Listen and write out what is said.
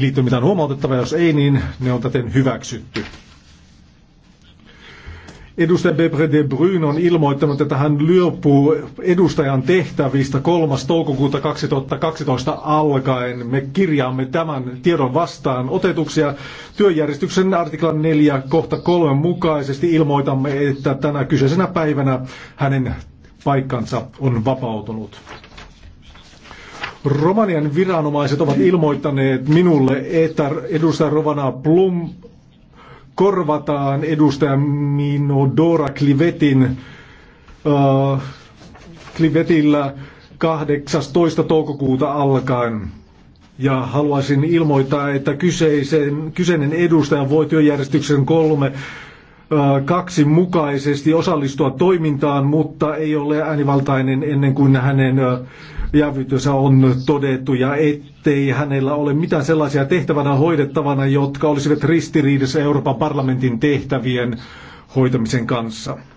liittyy mitään huomautettavaa, jos ei, niin ne on täten hyväksytty. Edustaja Debre de Bruyn on ilmoittanut, että hän lyöpuu edustajan tehtävistä 3. toukokuuta 2012 alkaen. Me kirjaamme tämän tiedon vastaan otetuksia. Työjärjestyksen artiklan 4 kohta 3 mukaisesti ilmoitamme, että tänä kyseisenä päivänä hänen paikkansa on vapautunut. Romanian viranomaiset ovat ilmoittaneet minulle, että edustaja Rovana Plum korvataan edustaja Minodora Klivetin, äh, Klivetillä 18. toukokuuta alkaen. Ja haluaisin ilmoittaa, että kyseisen, kyseinen edustaja voi työjärjestyksen kolme äh, kaksi mukaisesti osallistua toimintaan, mutta ei ole äänivaltainen ennen kuin hänen äh, jäävytys on todettu ja ettei hänellä ole mitään sellaisia tehtävänä hoidettavana, jotka olisivat ristiriidassa Euroopan parlamentin tehtävien hoitamisen kanssa.